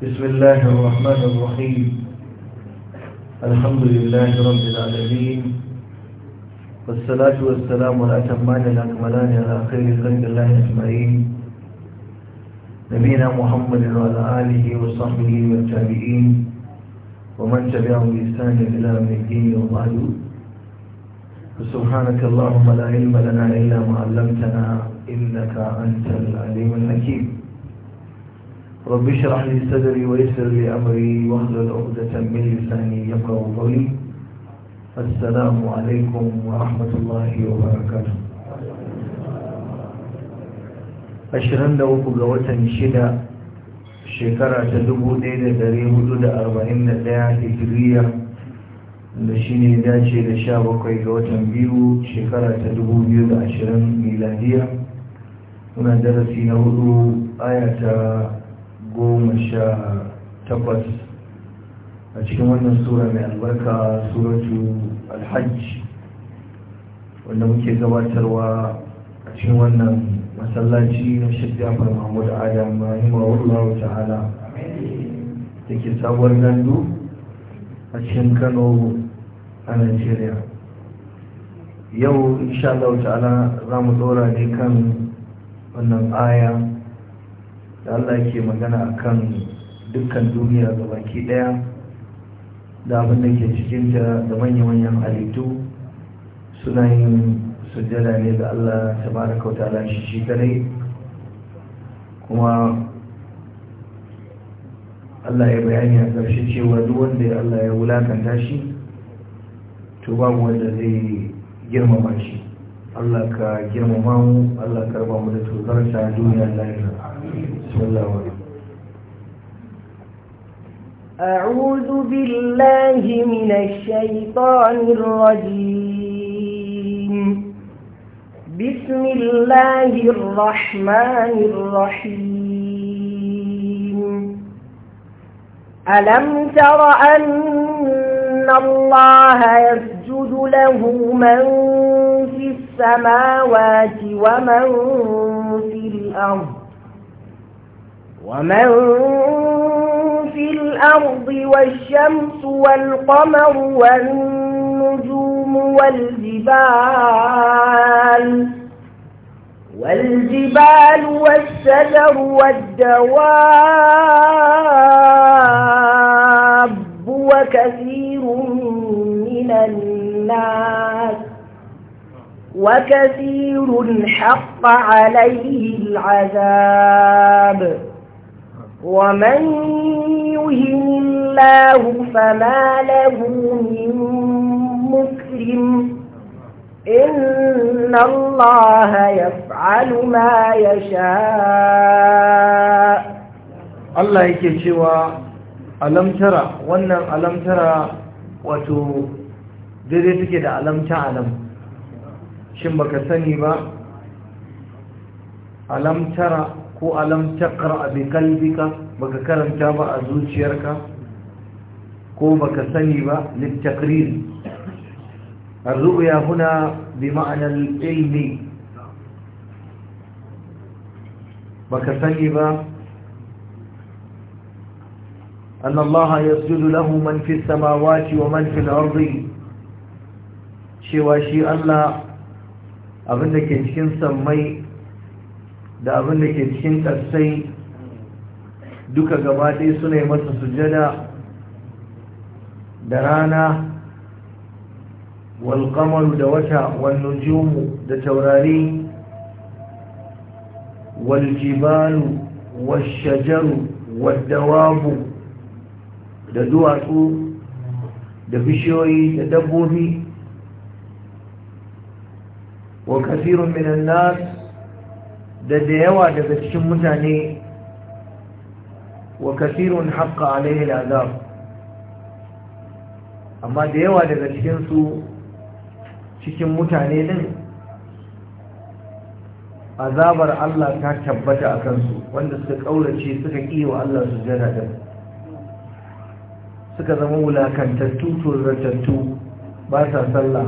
بسم الله الرحمن الرحيم الحمد لله رب العالمين والصلاة والسلام أتمان الأكملان على خير خلق الله أجمعين نبينا محمد وعلى آله وصحبه والتابعين ومن تبعهم بإحسان إلى يوم الدين وبعد سبحانك اللهم لا علم لنا إلا ما علمتنا إنك أنت العليم الحكيم رب اشرح لي صدري ويسر لي أمري واحلل عقدة من لساني يفقه قولي السلام عليكم ورحمة الله وبركاته ashirin da uku ga watan shida shekara ta dubu ɗaya da ɗari hudu da arba'in da ɗaya hijiriya da shi ne dace da sha bakwai ga watan biyu shekara ta dubu biyu da ashirin miladiya muna darasi na hudu aya goma sha takwas a cikin wannan sura mai albarka suratu alhajj wanda muke gabatarwa a cikin wannan masallaci na shafiyafar mahmud adam rahimahullah ta'ala da ke sabuwar gandu a cikin kano a nigeria yau insha Allah ta'ala za mu dora ne kan wannan aya da Allah ke magana a kan dukkan duniya ga baki daya da abin da ke cikinta da manya-manyan halittu suna yin sujjada ne da Allah ta da kauta da shi shi kadai kuma Allah ya bayani a ƙarshe cewa duk wanda Allah ya wulakanta shi to babu wanda zai girmama shi Allah ka girmama mu Allah ka raba mu da tozarta duniya lafiya بسم الله الرحمن أعوذ بالله من الشيطان الرجيم بسم الله الرحمن الرحيم ألم تر أن الله يسجد له من في السماوات ومن في الأرض ومن في الأرض والشمس والقمر والنجوم والجبال والجبال والسجر والدواب وكثير من الناس وكثير حق عليه العذاب ومن يهن الله فما له من مكرم إن الله يفعل ما يشاء الله يكشوى ألم ترى وانا ألم ترى وتو daidai take da alam ta alam shin baka sani ba alam tara ko a takra bi kalbika baka karanta ba a zuciyarka ko baka sani ba lit takrir arru'ya huna bi ma'ana al-ilmi baka sani ba أن الله يسجد له من في السماوات ومن في الأرض شواشي الله أبنك يجكين سمي da abin da ke cikin ƙarsai duka gabaɗe suna yi masa sujada da rana walƙamaru da wata wannan jimu da taurari waljibalu washajaru wadawabu da duwatsu da bishiyoyi da dabbobi wa kasirun minan nasu da da yawa daga cikin mutane wa kasirun haƙa alaihi azab amma da yawa daga cikinsu cikin mutane din azabar Allah ta tabbata a kansu wanda suka ƙaurace suka wa Allah su jana da suka zama wulakantattu turratattu ba sa sallah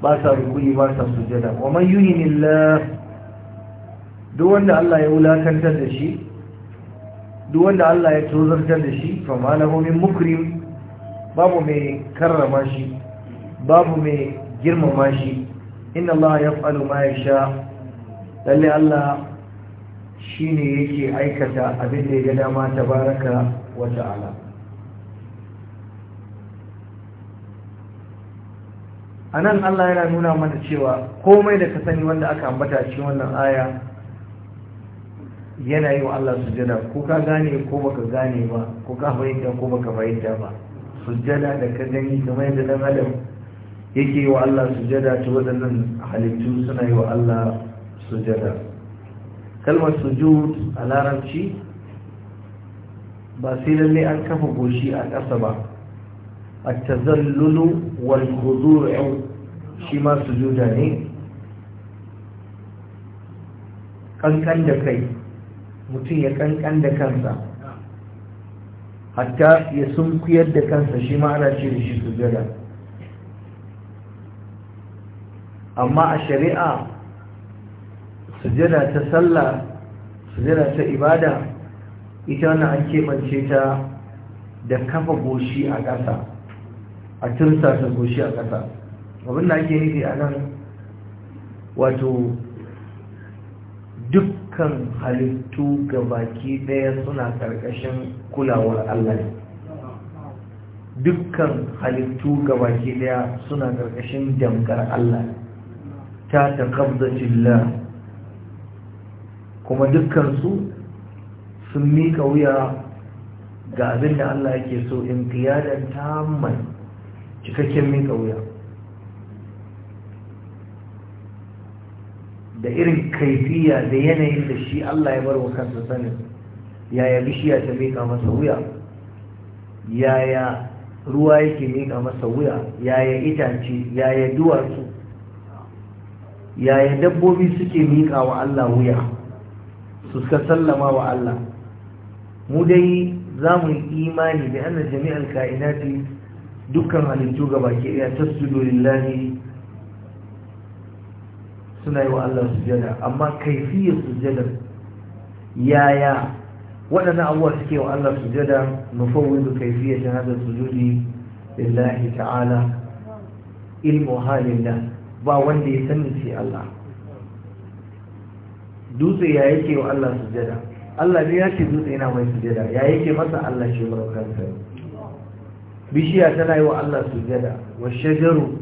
ba sa rukuni ba sa sujada wa man lillah duk wanda Allah ya wulakantar da shi duk wanda Allah ya tozartar da shi fa malahu min mukrim babu mai karrama shi babu mai girmama shi inna Allah yaf'alu ma sha. lalle Allah shi shine yake aikata abin da ya ga dama tabaraka wa ta'ala anan Allah yana nuna mana cewa komai da ka sani wanda aka ambata cikin wannan aya yana yi wa Allah sujada, ko ka gane ko baka gane ba ko ka fahimta ko baka fahimta ba sujada da ka gani kamar yadda dan adam yake yi wa Allah sujada to waɗannan halittu suna yi wa Allah sujada. kalmar sujud a larabci ba sai lalle an kafa goshi a ƙasa ba a tazallulu wal khudu'u shi ma sujuda ne kankan da kai mutum ya kankan da kansa hatta ya sunkuyar da kansa shi ma ana ce da shi sujada amma a shari'a sujada ta sallah sujada ta ibada ita wani an keɓance ta da kafa goshi a ƙasa a tursa ta goshi a ƙasa abinda ake nufi a nan wato duk dukkan halittu ga baki ɗaya suna ƙarƙashin kulawar Allah ne dukkan halittu ga baki ɗaya suna ƙarƙashin damgar Allah ta taqabdatillah kuma dukkan su sun mika wuya ga abin da Allah yake so in qiyadan tamman cikakken mika wuya da irin kaifiya da yanayin da shi Allah ya bar wa kansa sanin yaya bishiya ta mika masa wuya yaya ruwa yake mika masa wuya yaya itace yaya duwatsu yaya dabbobi suke mika wa Allah wuya su suka sallama wa Allah mu dai za mu yi imani da annar jami'ar ka'inati dukkan halittu gaba ke iya tasjudu lillahi suna yi wa Allah sujada amma kaifiyar sujada yaya waɗannan abubuwa suke wa Allah sujada nufawwidu kaifiyar shahadar sujudi lillahi ta'ala ilmu halin da ba wanda ya sani sai Allah dutse ya yake wa Allah sujada Allah ne ya ce dutse yana mai sujada ya yake masa Allah shi kansa bishiya tana yi wa Allah sujada wa shajaru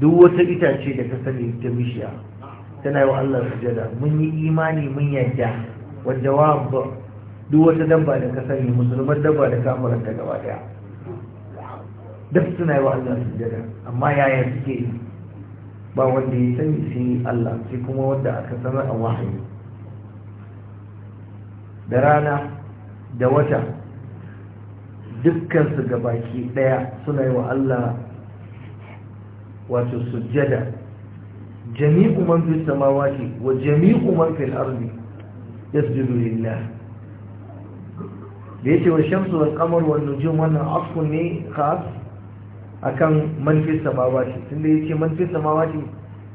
duk wata itace da ta sani ta bishiya tana yi wa Allah sujada mun yi imani mun yadda wanda wa duk wata dabba da ka sani musulman dabba da kafiranta gaba daya duk suna yi wa Allah sujada amma yaya suke yi ba wanda ya sani sai Allah sai kuma wanda aka sanar a wahayi da rana da wata dukkan su baki daya suna yi wa Allah wato sujjada jami'u man fi samawati wa jami'u man fil ardi yasjudu lillah da yake wa shamsu wal qamar wan nujum wan afkun ne khas akan man fi samawati tunda yace man fi samawati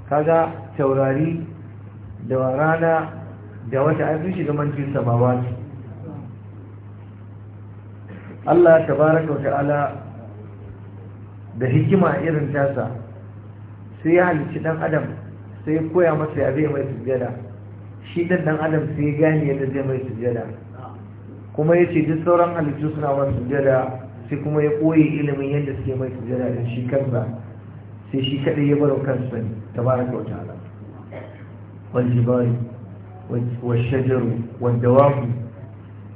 kaga taurari da rana da wata ai sun shiga man fi samawati Allah tabaraka wa ta'ala da hikima irin tasa sai ya halicci dan adam sai ya koya masa ya zai mai sujjada shi dan dan adam sai ya gane yadda zai mai sujjada kuma ya ce duk sauran halittu suna mai sujjada sai kuma ya koyi ilimin yadda suke mai sujjada da shi kansa sai shi kadai ya baro kansa ne tabaraka kyauta. ta'ala wal jibali wal shajaru wal dawab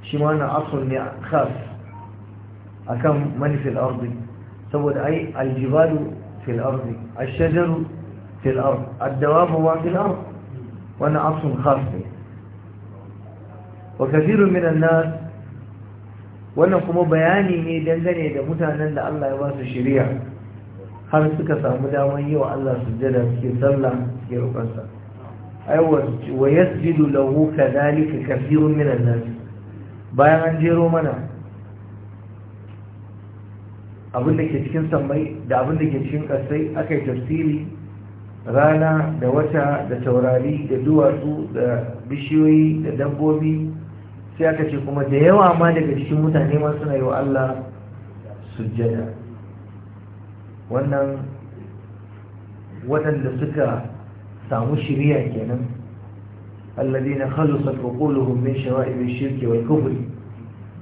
shi ma na asl ne khas akan manifil ardi saboda ai aljibalu في الأرض الشجر في الأرض الدواب هو في الأرض وأنا أصل خاص به وكثير من الناس wannan kuma bayani ne dangane da mutanen da Allah ya ba su shari'a har suka samu damar yi wa Allah sujjada suke sallah suke rukunsa ai wa yasjudu lahu kadhalika kathirun minan an-nas bayan an jero mana abin da ke cikin sammai da abin da ke cikin ƙasai aka yi tafsiri rana da wata da taurari da duwatsu da bishiyoyi da dabbobi sai aka ce kuma da yawa ma daga cikin mutane ma suna yi wa Allah sujjada wannan waɗanda suka samu shiriya kenan الذين min عقولهم ash شوائب wal kufr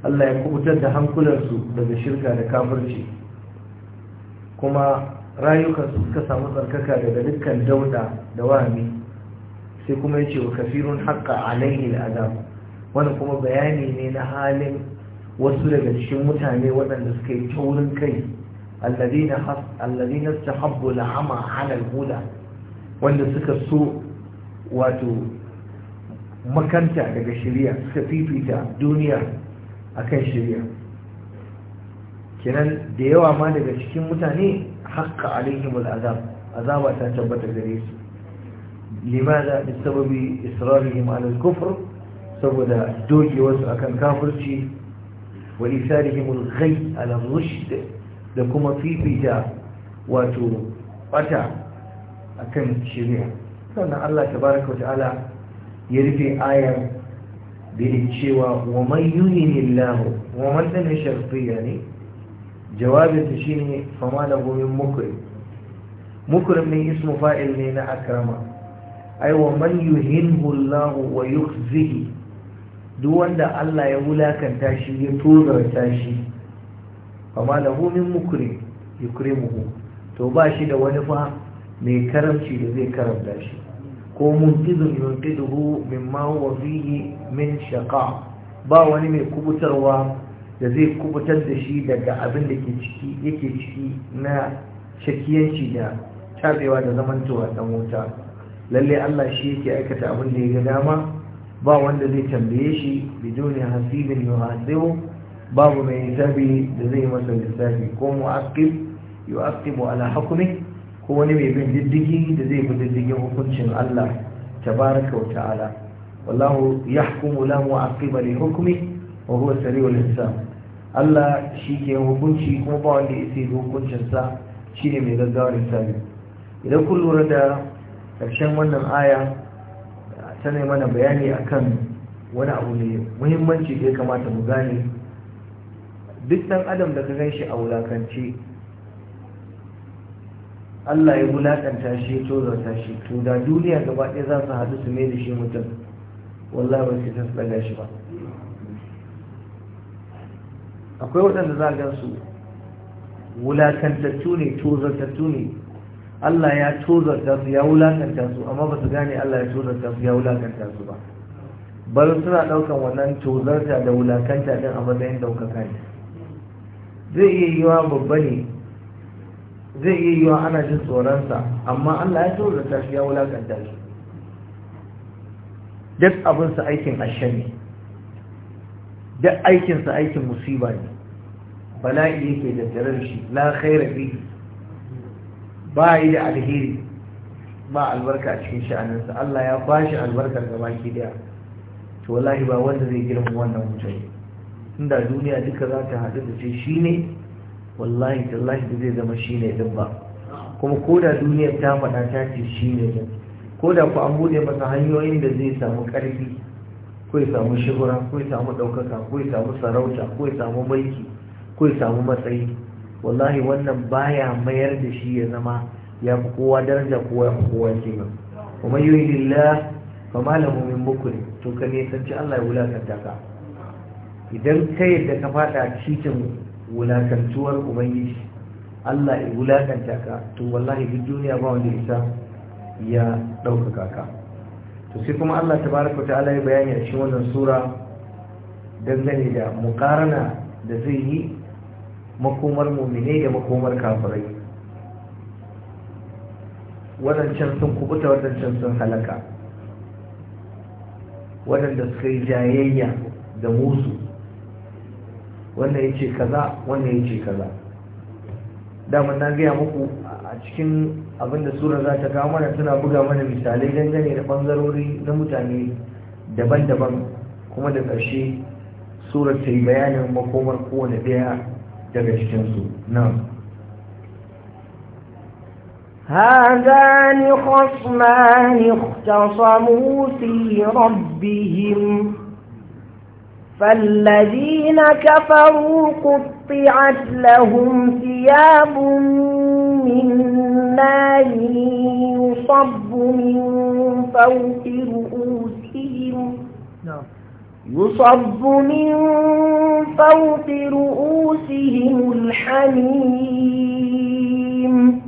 Allah ya kubutar da hankularsu daga shirka da kafirci kuma rayukansu suka samu tsarkaka daga dukkan dauda da wahami sai kuma yace wa kafirun haqqa alaihi al'azab wannan kuma bayani ne na halin wasu daga cikin mutane waɗanda suka yi taurin kai alladina has alladina istahabbu al'ama wanda suka so wato makanta daga shirya, suka fifita duniya a kan shirya. kenan da yawa ma daga cikin mutane haka alaihim azab azaba ta tabbatar gare su limada da sababi israrihim alal kufr saboda dogewarsu akan kafirci wa isarihimul ghai ala rushd da kuma fifita wato bata akan shari'a sannan Allah tabaraka wa ta'ala ya rufe ayar da cewa wa man lillahu wa man dana sharfiya ne jawabinta shi ne fama da gomin mukurin mukurin ne ismu fa'il ne na akrama aiwa man yuhinhu Allah wa yukhzihi duk wanda Allah ya wulakanta shi ya tozarta shi fama da gomin mukurin yukrimuhu to ba shi da wani fa mai karamci da zai karamta shi ko munqidun yunqiduhu mimma huwa fihi min shaqa ba wani mai kubutarwa da zai kubutar da shi daga abin da ke ciki yake ciki na shakiyanci da tabewa da zamantowa dan wuta lalle Allah shi yake aikata abin da ya ga dama ba wanda zai tambaye shi biduni hasibin yuhasibu babu mai zabi da zai masa lissafi ko mu'aqqib yu'aqqibu ala hukmi ko wani mai bin diddigi da zai bi diddigin hukuncin Allah tabaraka wa ta'ala wallahu yahkumu la mu'aqqiba li hukmihi wa huwa sari'ul hisab Allah shi ke hukunci kuma ba wanda ya sai hukuncin sa shine mai gaggawar hisabi idan kun lura da ƙarshen wannan aya ta mana bayani akan wani abu ne muhimmanci da ya kamata mu gane duk ɗan adam da ka gan shi a wulakance Allah ya wulakanta shi ya tozarta shi to da duniya gaba ɗaya za su haɗu su mai da shi mutum wallahi ba su tafi shi ba akwai waɗanda za a su wulakantattu ne tozartattu ne Allah ya tozarta su ya wulakanta su amma ba su gane Allah ya tozarta su ya wulakanta su ba bari suna ɗaukan wannan tozarta da wulakanta ɗin a matsayin ɗaukaka ne zai iya yi wa babba ne zai iya yi wa ana jin tsoronsa amma Allah ya tozarta su, ya wulakanta shi duk abinsa aikin ashe ne duk aikinsa aikin musiba ne bala'i yake da tarar shi la khaira bi. ba yi da alheri ba albarka a cikin sha'aninsa Allah ya ba shi albarkar gaba ki daya to wallahi ba wanda zai girma wannan mutane inda duniya duka za ta haɗu da ce shi ne wallahi tallahi da zai zama shi ne din ba kuma ko da duniyar ta faɗa ta ce shi ne din ko da ku an buɗe masa hanyoyin da zai samu ƙarfi ko samu shigura ko samu ɗaukaka ko samu sarauta ko samu mulki ko samu matsayi wallahi wannan baya mayar da shi ya zama ya fi kowa daraja kowa ya fi kowa kima kuma yi lillah fa malamu min mukri to ka ne san ci Allah ya wulakanta ka idan ka yadda ka fada cikin wulakantuwar ubangiji Allah ya wulakanta ka to wallahi duk duniya ba wanda ya ya ɗaukaka ka to sai kuma Allah ta baraka ta'ala ya bayani a cikin wannan sura dangane da mukarana da zai yi makomar mu'mine da makomar kafirai wadancan sun kubuta can sun halaka da suka yi jayayya da musu wannan ya ce kaza wannan ya ce kaza damar na gaya muku a cikin abinda sura za ta kawo mana tana buga mana misalai dangane da bangarori na mutane daban-daban kuma da ƙarshe sura ta yi bayanin makomar kowane ɗaya daga cikinsu nan هذان خصمان اختصموا في ربهم فالذين كفروا قطعت لهم ثياب من ماله يصب من فوق رؤوسهم نعم. يصب من فوق رؤوسهم الحميم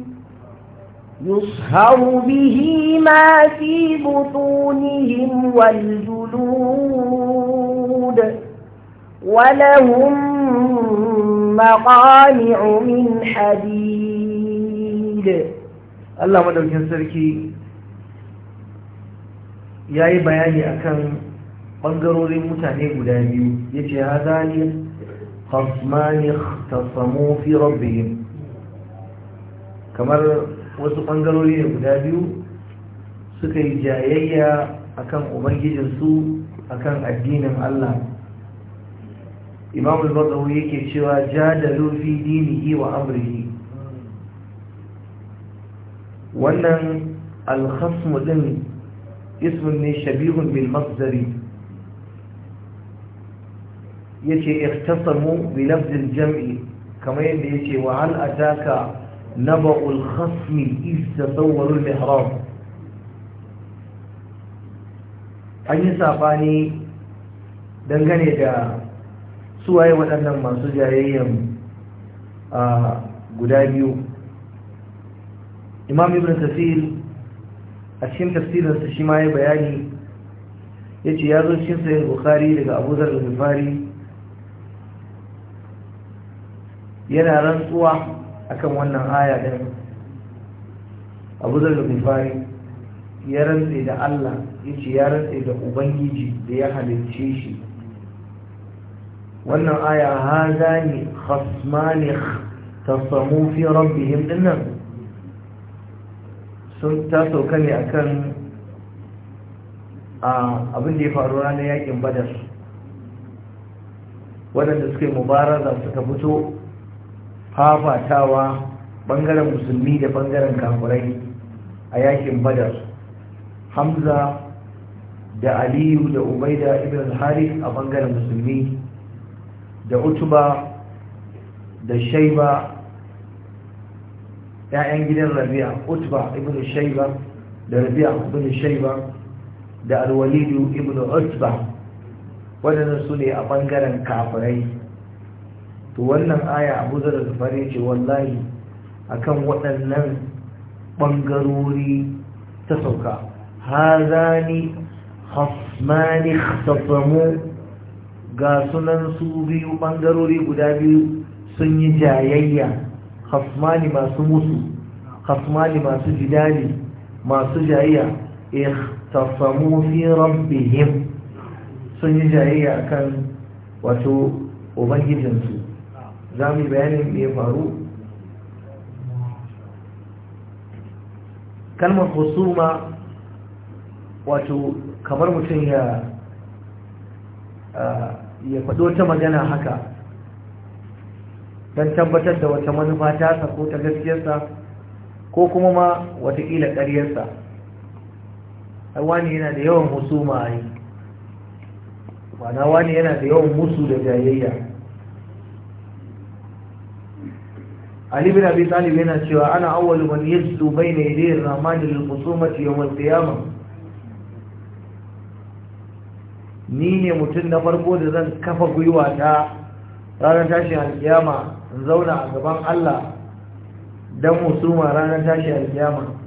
يصهر به ما في بطونهم والجلود ولهم مقامع من حديد shi allah madaukin sarki ya yi bayani akan ɓangarorin mutane guda biyu ya ce ha zani fi rabbihim kamar wasu ɓangarori ne guda biyu suka yi jayayya akan ubangijinsu akan addinin allah imamul al yake cewa jadalu fi dinihi wa amrihi wannan alkhasmu din ismin ne shabihun bil masdari yace ihtasamu bi lafzil jam'i kamar yadda yace wa hal ataka naba'ul khasmi iz tasawwaru al mihrab an yi sabani dangane da suwaye waɗannan masu jayayyan ah, guda biyu imam ibn kasir a cikin tafsirinsa shi ma ya bayani ya ce ya zo cikin sayar bukari daga abu zar al-ghifari yana rantsuwa akan wannan aya din abu zar al-ghifari ya rantse da allah ya ce ya rantse da ubangiji da ya halicce shi wannan aya haza ne khasmani tasamu fi rabbihim nan? sun ta sauka ne akan abin da ya faru ranar yakin badar waɗanda suka yi mubaraza suka fito fafatawa ɓangaren musulmi da ɓangaren kafurai a yakin badar hamza da aliyu da ubaida ibn al-harith a ɓangaren musulmi da utuba da shaiba 'ya'yan gidan rabi'a utba ibn shaiba da rabi'a ibn shaiba da alwalidu ibn utba wannan su ne a ɓangaren kafirai to wannan aya abu zarar fare ce wallahi akan waɗannan ɓangarori ta sauka hazani khasmani khasamu ga sunan su biyu bangarori guda biyu sun yi jayayya khasmani masu musu khasmani masu jidali masu jayayya ikhtasamu fi rabbihim sun yi jayayya akan wato ubangijinsu za mu yi bayanin me ya faru kalmar husuma wato kamar mutum ya ya faɗo ta magana haka don tabbatar da wata manufa sa ko ta gaskiyarsa ko kuma ma watakila ƙaryarsa wani yana da yawan husuma a yi wani yana da yawan musu da jayayya Ali bin Abi Talib yana cewa ana awwalu man yajdu bayna yaday ar-rahman lil khusumati yawm al-qiyamah ni ne mutum na farko da zan kafa gwiwa ta ranar tashin al-qiyama in zauna a gaban Allah don musulma ranar tashi alkiyama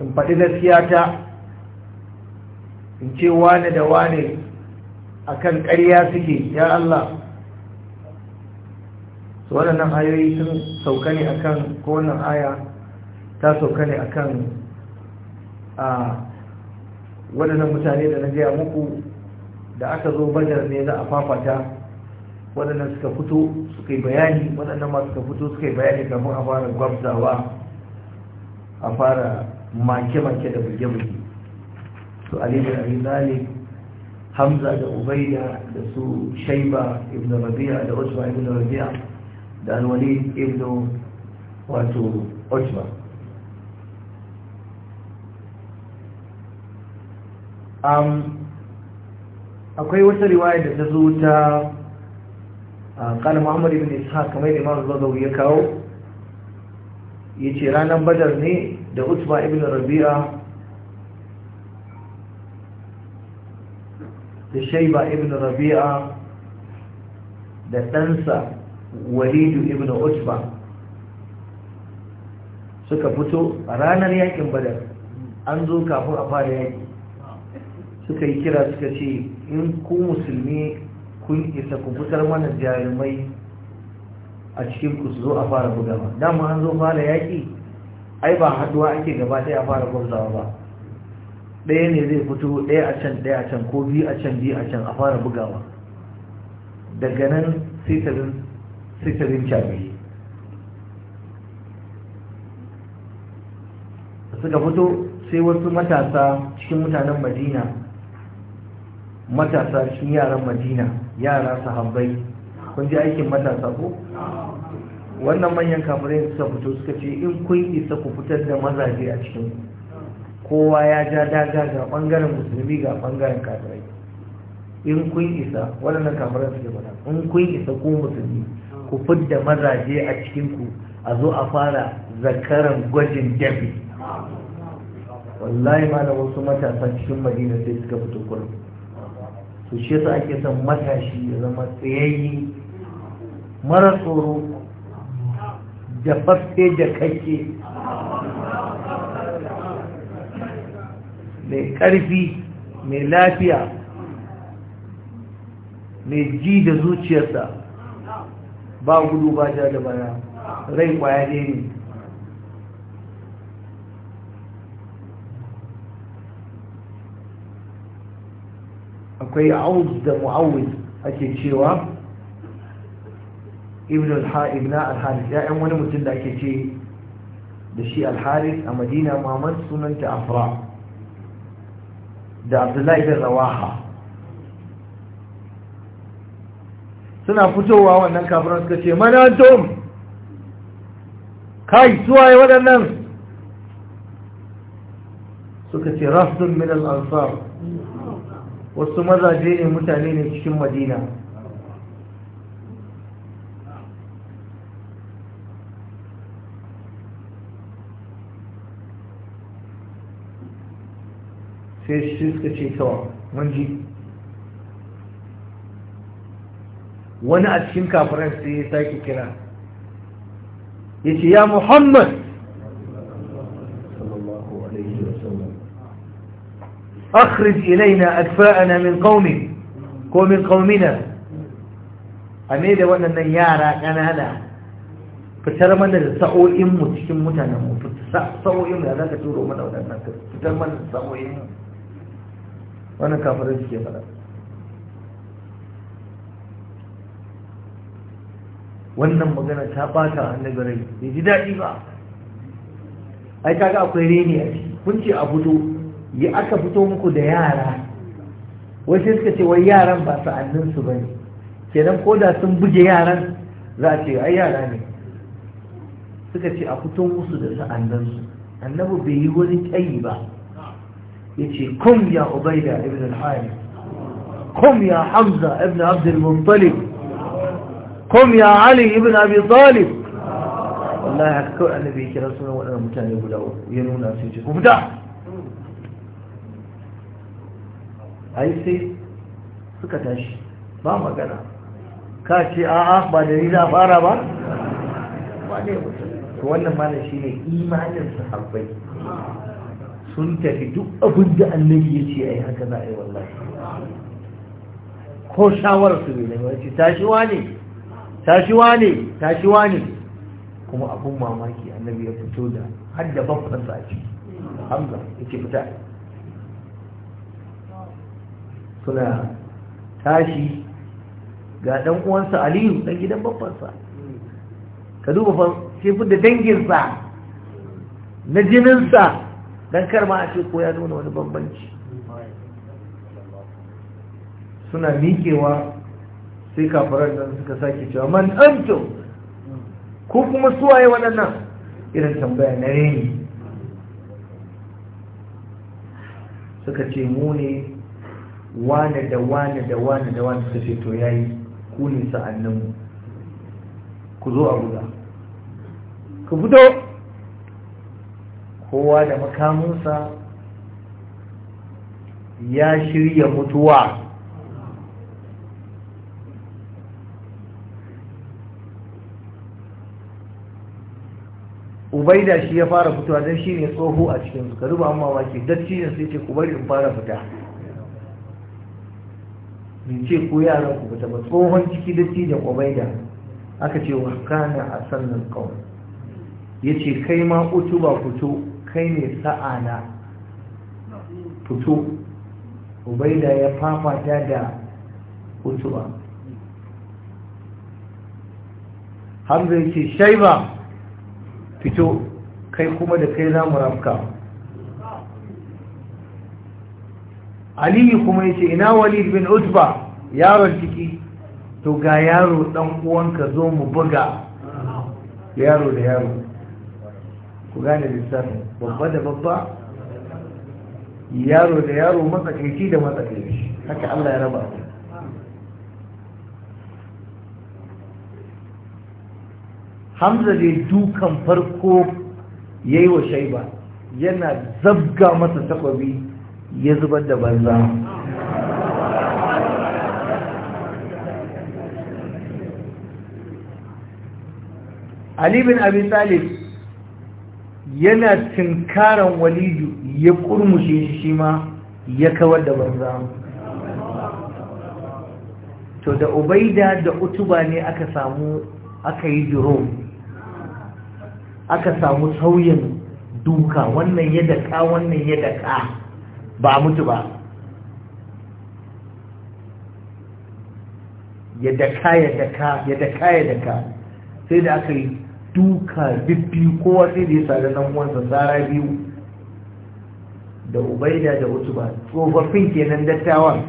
in faɗi gaskiya ta in ce wane da wane akan ƙarya suke ya Allah su waɗannan ayoyi sun sauka ne akan ko wannan aya ta sauka ne akan a waɗannan mutane da na gaya muku da aka zo bajar ne za a fafata waɗannan suka fito suka yi bayani waɗannan masu suka fito suka yi bayani kafin a fara gwamzawa, a fara make-make da buge-buge su alimin abinali hamza da ubaida da su shaiba ibn rabi'a da usma ibn rabi'a da alwali ibn wato usma um, akwai wata riwaya da ta zo ta kala muhammad ibn ishaq kamar da imam zazawi ya kawo ya ce ranar badar ne da utba ibn rabi'a da shaiba ibn rabi'a da ɗansa walidu ibn utba suka fito a ranar yakin badar an zo kafin a fara yaki suka yi kira suka ce in ku musulmi kun isa ku fitar mana jarumai a cikin ku su zo a fara bugawa dama an zo fara yaƙi ai ba haduwa ake gaba ɗaya a fara gwamzawa ba ɗaya ne zai fito ɗaya a can ɗaya a can ko biyu a can biyu a can a fara bugawa daga nan sai ta suka fito sai wasu matasa cikin mutanen madina matasa cikin yaran madina yara sahabbai kun ji aikin matasa ko wannan manyan kamurai suka fito suka ce in kun isa ku fitar da mazaje a cikin kowa ya ja daga ga bangaren musulmi ga bangaren kafirai in kun isa waɗannan kamarai suke faɗa in kun isa ku musulmi ku fidda mazaje a cikin ku a zo a fara zakaran gwajin dabi wallahi malam wasu matasa cikin madina sai suka fito kullum to shi yasa ake son matashi ya zama tsayayye mara tsoro da da kake mai ƙarfi mai lafiya mai ji da zuciyarsa ba gudu ba ja da baya rai kwaya ne akwai auz da mu'awuz ake cewa ibn al-ha'ib na al-haris ya'yan wani mutum da ake ce da shi al-haris a madina mamar sunanta afra da abdullahi bin rawaha suna fitowa wannan kafiran suka ce mana dom kai suwaye waɗannan suka ce rasdun min al-ansar wasu mazaje ne mutane ne cikin madina sai shi suka ce tawa mun ji wani a cikin kafiran sai ya sake kira ya ce ya muhammad أخرج إلينا أكفاءنا من قومي ko min ƙaumina a ne da waɗannan yara ƙanana fitar mana da sa'o'inmu cikin mutanenmu sa'o'inmu da za ka turo mana waɗannan fitar mana da sa'o'inmu wani kafirin suke wannan magana ta ɓata annabi rai bai ji daɗi ba ai kaga akwai reni a ciki kun ce a fito ya aka fito muku da yara wasu suka ce wai yaran ba sa'anninsu ba ne kenan ko da sun buge yaran za a ce ai yara ne suka ce a fito musu da sa'anninsu annabi bai yi wani tsayi ba ya ce kom ya ubaida ibn al-hari kom ya hamza ibn Abdul al-muttalib kom ya ali ibn abi talib wallahi haka kawai annabi ya kira sunan waɗannan mutane guda ya nuna su ce ku fita ai sai suka tashi ba magana ka ce a'a ba da ni za fara ba ba ne to wannan shi ne imanin sahabbai sun tafi duk abin da annabi ya ce ai haka za a yi wallahi ko shawarar su ne ba ce tashiwa ne tashiwa ne tashiwa ne kuma abun mamaki annabi ya fito da har da babban sa ce hamza yake fita suna tashi ga ɗan uwansa aliyu dan gidan babbansa ka duba fa sai fi da danginsa na jininsa dan kar ma a ce ko ya nuna wani bambanci suna miƙewa sai kafarar nan suka sake cewa man antum ko kuma suwaye waɗannan irin tambaya na reni suka ce mu ne wane da wane da wane da wane su ce to ya ku ne sa'annin ku zo a guda ku fito kowa da makamunsa ya shirya mutuwa da shi ya fara fitowa don shi ne tsoho a cikin suka ka amma wake mamaki don shi ne sai ce ku bari in fara fita mai ce ko yaran ku fita ba tsohon ciki da da ƙwabaida aka ce wa kana a sannan kawai ya ce kai ma utu ba fito kai ne na, fito ubaida ya fafata da ba hamza ya ce shaiba fito kai kuma da kai za mu rafka aliyu kuma ya ce ina walid bin utba yaron ciki to ga yaro dan uwanka zo mu buga yaro da yaro ku gane lissafin babba da babba yaro da yaro matsakaici da matsakaici haka Allah ya raba hamza dai dukan farko yayi wa shaiba yana zabga masa takwabi ya zubar da banza Ali bin Abi Talib yana tinkaran walidu ya kurmushe shi ma ya kawar da banza to da ubaida da utuba ne aka samu aka yi jiro aka samu sauyin duka wannan ya daka wannan ya daka ba a mutu ba ya daka ya daka sai da aka yi duka bibbi kowa sai da ya sa da nan wanzu tsara biyu da ubaida da wasu ba tsofaffin kenan dattawan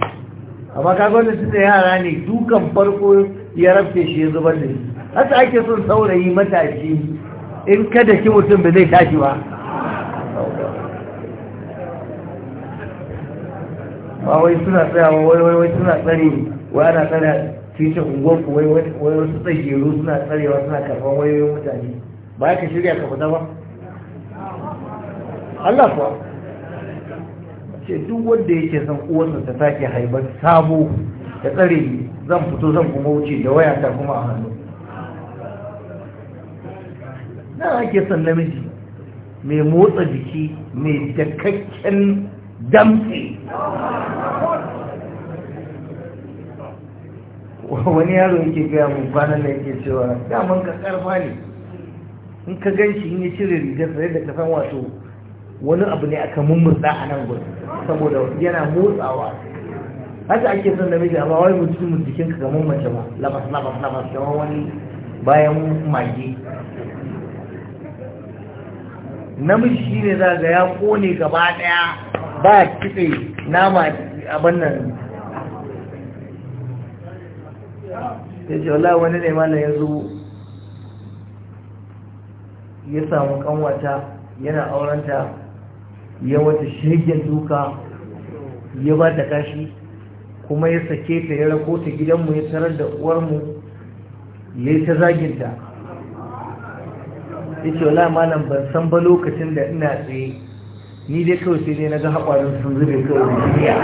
amma kaga wanda su da yara ne dukan farko ya rafe shi ya zubar da shi haka ake son saurayi matashi in kada ki mutum ba zai tashi ba wai suna tsayawa wai wai wai suna tsare wai ana tsare tushen unguwar ku wai wai wasu tsageru suna tsarewa suna karɓar wai mutane ba ka shirya ka fita ba Allah kuwa ce duk wanda yake son uwarsa ta take haibar sabo ta tsare zan fito zan kuma wuce da waya ta kuma a hannu na ake son namiji mai motsa jiki mai dakakken damtse wani yaro yake gaya mun kwanan da yake cewa daman ka karfa ne in ka gan shi in ya cire rigar sai da kasan wato wani abu ne aka mummurta a nan gudu saboda yana motsawa haka ake son da miji amma wani mutum jikin ka gamin mace ba labas labas labas kamar wani bayan mage namiji ne za ga ya kone gaba daya ba kitse nama abin nan ya ce wala wani ne malam ya zo ya samu kanwata yana aurenta ya wata shirgin duka ya ba ta kashi kuma ya sake ta ya rako ta gidanmu ya tarar da uwarmu ya yi ta zaginta ya ce wala malam ban san ba lokacin da ina tsaye ni dai kawai sai dai na ga haƙwarin sun zube kawai da jini a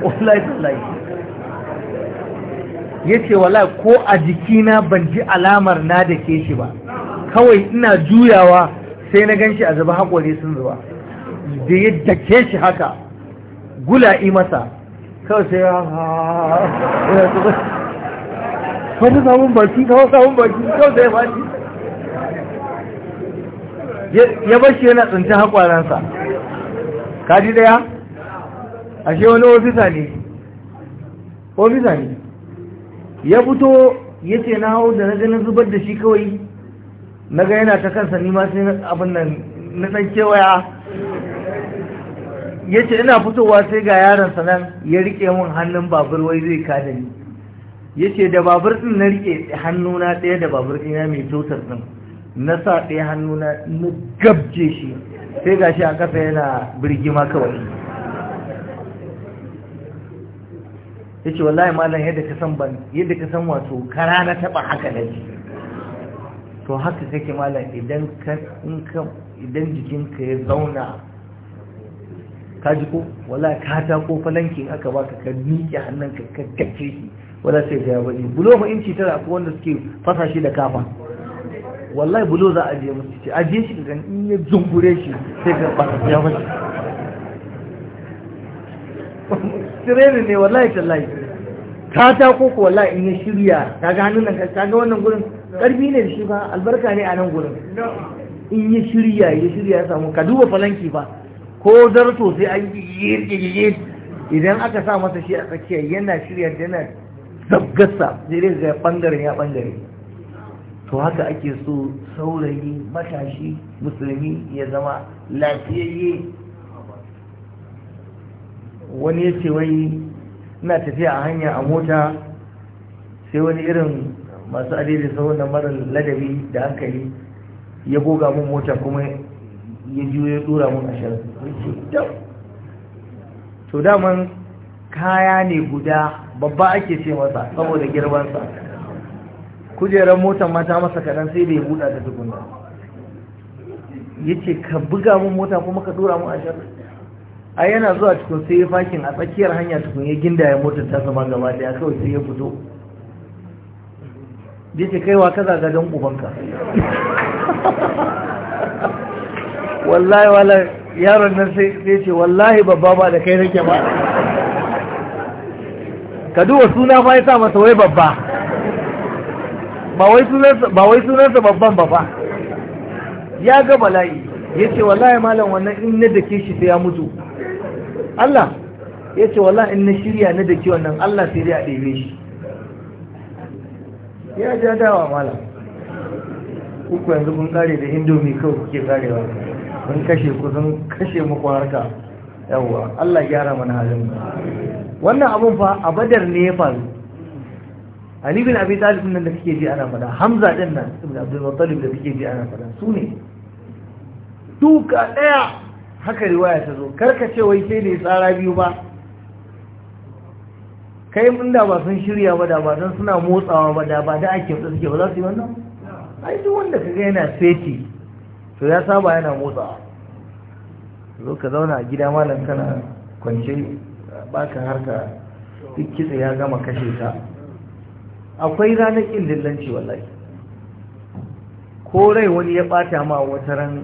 ƙasa kawai ya ce wallahi ko a jikina ban ji alamar na da ke shi ba kawai ina juyawa sai na gan shi a zuba haƙwari sun zuba da ya dake shi haka gula'i masa kawai sai ya ha wani samun baki kawai sabon baki kawai sai ya fashi ya bashi yana tsinci haƙwaransa kaji daya ashe wani ofisa ne ofisa ne ya fito ya ce na hau da na ganin zubar da shi kawai na ga yana ta kansa nima sai abin nan na ɗan kewaya ya ce ina fitowa sai ga yaron nan. ya rike mun hannun babur wai zai kada ni ya ce da babur ɗin na rike hannuna ɗaya da babur ɗina mai totar ɗin na sa ɗaya hannu na gabje shi sai ga gashi a ƙasa yana birgima kawai ya ce wallahi malam yadda ka san ban ka san wato kara na taɓa haka da shi to haka kake malam idan jikinka ya zauna ka ji ko wala ka ta ko aka baka ka miƙe hannunka ka kacce shi wala sai ga ya bari bulo ma inci tara ko wanda suke fasa da kafa wallahi bulo za a je musu ce aje shi kan in ya zungure shi sai ka ba ya fashi tireni ne wallahi tallahi ta ko ko wallahi in ya shirya ta ga hannun nan ta ga wannan gurin karfi ne da shi ba albarka ne a nan gurin in ya shirya ya shirya ya samu ka duba falanki ba ko zarto sai an yi idan aka sa masa shi a tsakiya yana shirya yana zabgasa zai ga bangaren ya bangare to haka ake so saurayi matashi musulmi ya zama lafiyayye wani ya ce wai ina tafiya a hanya a mota sai wani irin masu adiri sauran da mara ladabi da hankali ya goga mun mota kuma ya juyo ya dora mun ashar to daman kaya ne guda babba ake ce masa saboda girmansa kujerar motar mata masa kaɗan sai da ya buɗa ta tukunna ya ce ka buga mun mota kuma ka dora mun ashar a yana zuwa cikin sai ya fakin a tsakiyar hanya tukun ya ginda ya motar ta zama gaba daya kawai sai ya fito ya ce kaiwa ka zaga don ubanka wallahi wala yaron nan sai ya ce wallahi babba ba da kai nake ba ka duba suna fa ya sa masa wai babba ba wai sunansa babban ba ba ya ga bala'i ya ce wallahi malam wannan in na ke shi sai ya mutu Allah ya ce wallahi in na shirya na dake wannan Allah sai dai a ɗebe shi ya ja dawa malam uku yanzu kun kare da indomi kawai kuke karewa kun kashe ku sun kashe muku harka yawwa Allah gyara mana halin wannan abin fa a badar ne ya faru ali bin abi talib nan da kake ji ana fada hamza din nan ibn abdul muttalib da kake ji ana fada su ne duka daya haka riwaya ta zo ka ce wai sai ne tsara biyu ba kai mun da ba sun shirya ba da ba dan suna motsawa ba da ba da ake da suke ba za su yi wannan ai duk wanda kaga yana seti to ya saba yana motsawa zo ka zauna a gida malam kana kwance baka harka duk kitse ya gama kashe ka akwai ranar ƙin lillanci wallahi ko rai wani ya ɓata ma wata ran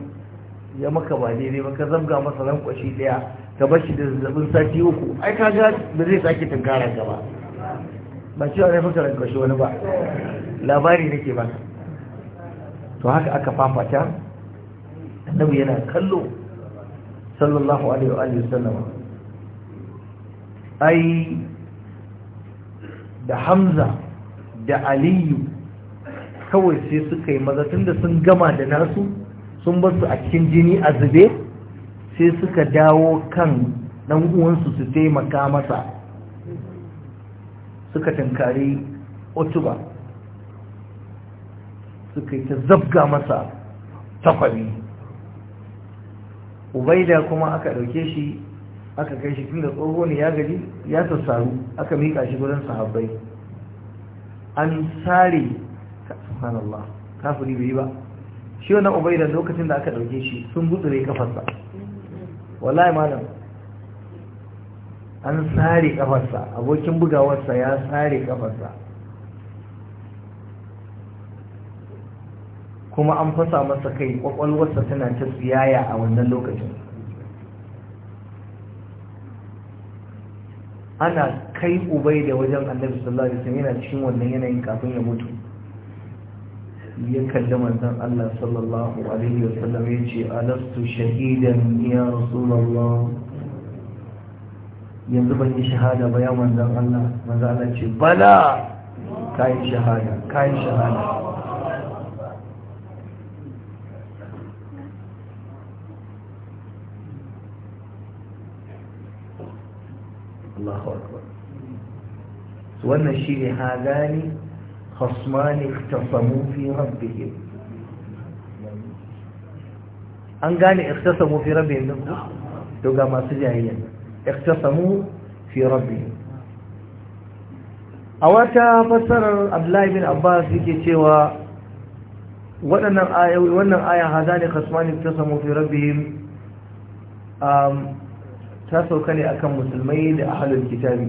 ya maka ba daidai ba ka zamga masa ran kwashi ɗaya ka bar shi da zazzabin sati uku ai ka ga da zai sake tunkara gaba ba ba cewa ne fuka ran kwashi wani ba labari nake ba to haka aka fafata annabi yana kallo sallallahu alaihi wa alihi ai da hamza da aliyu kawai sai suka yi maza da sun gama da nasu sun ba su a cikin jini a zube sai suka dawo kan dan uwansu su taimaka masa suka tankari otuba suka yi ta zabga masa takwami ubaida kuma aka ɗauke shi aka kai shi tunda ne ya gaji, ya aka miƙa shi gudun sahabbai an sare subhanallah kafiri bai ba shi wannan ubaida lokacin da aka dauke shi sun buɗe kafarsa wallahi malam an sare kafarsa abokin bugawarsa ya sare kafarsa kuma an fasa masa kai kwakwalwarsa tana ta tsiyaya a wannan lokacin ana kai ubai da wajen annabi sallallahu alaihi wasallam yana cikin wannan yanayin kafin ya mutu ya kalli manzon Allah sallallahu alaihi wasallam ya ce alastu shahidan ya rasulullah yanzu ban yi shahada ba ya manzon Allah manzon Allah ce bala kai shahada kai shahada akbar wannan shine hadani khasman ikhtasamu fi rabbihim an gane ikhtasamu fi rabbihim to ga masu jahiliya ikhtasamu fi rabbihim a wata fassarar Abdullahi bin Abbas yake cewa waɗannan ayoyi wannan aya hadani khasman ikhtasamu fi rabbihim um ta sauka ne akan musulmai da ahalul kitabi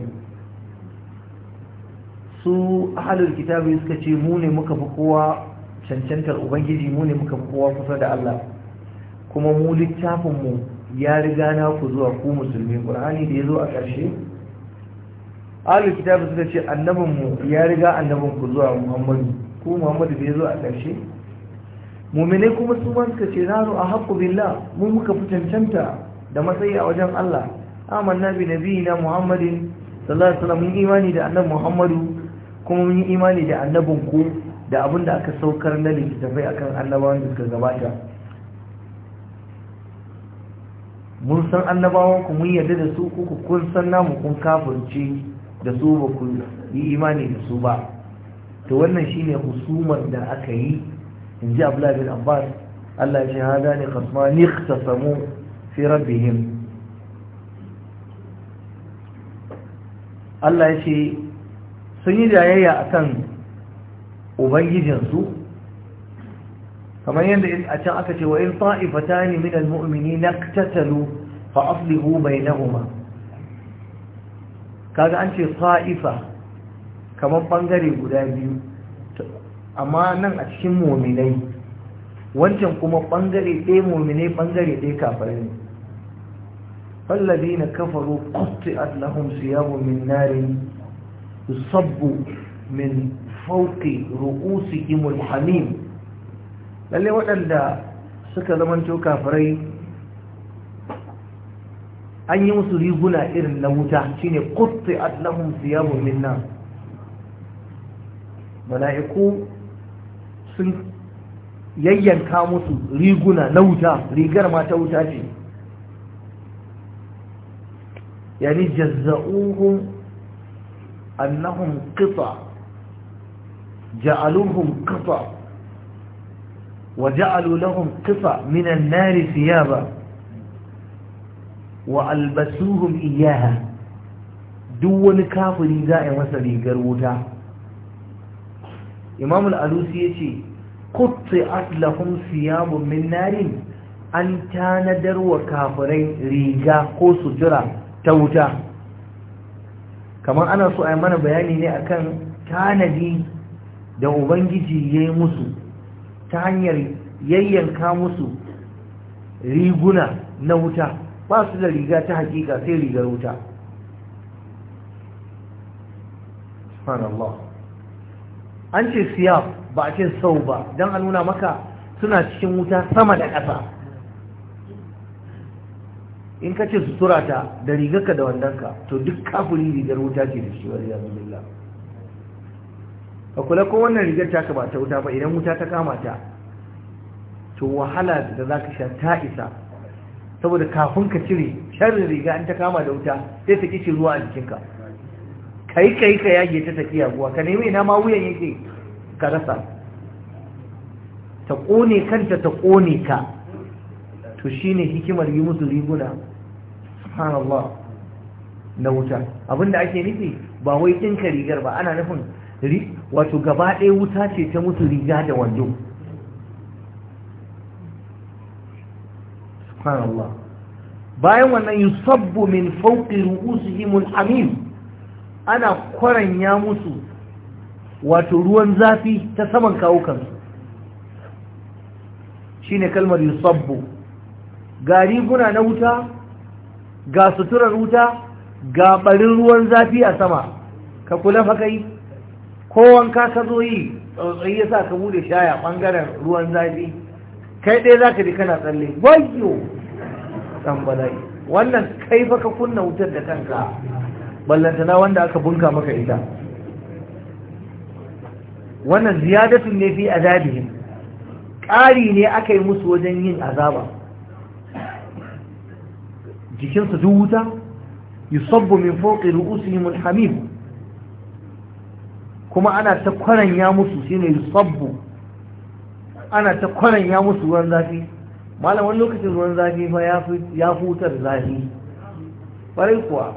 su ahalul kitabi suka ce mu ne muka fi kowa cancantar ubangiji mu ne muka fi kowa kusa da Allah kuma mu littafin mu ya riga na ku zuwa ku musulmi qur'ani da yazo a ƙarshe ahalul kitabi suka ce annabin mu ya riga annabin ku zuwa muhammadu ku muhammadu da yazo a ƙarshe mu'minai kuma su ma suka ce nanu a haqqu billah mu muka fi cancanta da matsayi a wajen Allah amanna bi nabiyina muhammadin sallallahu alaihi wasallam yi imani da annabi muhammadu kuma mun yi imani da annabin ku da abin da aka saukar na littattafai akan annabawan da suka gabata mun san annabawan ku mun yarda da su kuku kun san namu kun kafirce da su ba ku yi imani da su ba to wannan shine husumar da aka yi in ji abdullahi bin abbas Allah ya ce hada ne ni khasamu fi rabbihim Allah ya ce sun yi jayayya akan ubangijinsu kamar yadda a can aka ce wa in ta'ifatani min na tattalu fa aslihu bainahuma kaga an ce fa'ifa. kamar bangare guda biyu amma nan a cikin mu'minai wancan kuma bangare ɗaya mu'minai bangare ɗaya kafirai ne فالذين كفروا قطعت لهم ثياب من نار يصب من فوق رؤوسهم الحميم lalle waɗanda suka zamanto kafirai an yi musu riguna irin na wuta shine qutti'at lahum thiyabun min nar sun yayyanka musu riguna na wuta rigar ma ta wuta ce يعني جزؤوهم أنهم قطع جعلوهم قطع وجعلوا لهم قطع من النار ثيابا وألبسوهم إياها دون كافر إذا مثل قروتا إمام الألوسي يتي قطعت لهم ثياب من نار أن تاندر وكافرين ريجا قوس جرى ta wuta kamar ana so a yi mana bayani ne akan tanadi da ubangiji ya yi musu ta hanyar yayyanka musu riguna na wuta ba su da riga ta hakika sai rigar wuta an ce siya ba a ce sau ba don a nuna maka suna cikin wuta sama da ƙasa in ka ce sutura ta da rigarka da wannan ka, to duk kafuri rigar wuta ce da shi wa yanzu lilla a kula ko wannan rigar taka ba ta wuta ba idan wuta ta kama ta to wahala da za ka sha ta isa saboda kafin ka cire sharrin riga an ta kama da wuta sai ta kici ruwa a jikinka kai kai ka yage ta tafiya buwa ka nemi ina ma wuyan yake ka rasa ta kone kanta ta kone ka to shine hikimar yi musu riguna subhanallah na wuta abinda ake nufi ba wai ɗinka rigar ba ana nufin wato gaba ɗaya wuta ce ta musu riga da wando subhanallah bayan wannan yusabbu min fawqi ru'usihim al-amin ana ya musu wato ruwan zafi ta saman shi shine kalmar yusabbu gari riguna na wuta ga suturar wuta ga barin ruwan zafi a sama ka kula fa kai ko wanka ka zo yi tsautsayi yasa ka bude shaya bangaren ruwan zafi kai za ka ji kana tsalle wayyo ɗan bala'i wannan kai fa ka kunna wutar da kanka ballantana wanda aka bunka maka ita wannan ziyadatun ne fi azabihim ƙari ne aka yi musu wajen yin azaba jikinsa duk wuta yusabbu min fawqi ru'usihim alhamim kuma ana ta kwaranya musu shine yusabbu ana ta kwaranya musu ruwan zafi malam wani lokacin ruwan zafi fa ya futar zafi Farai kuwa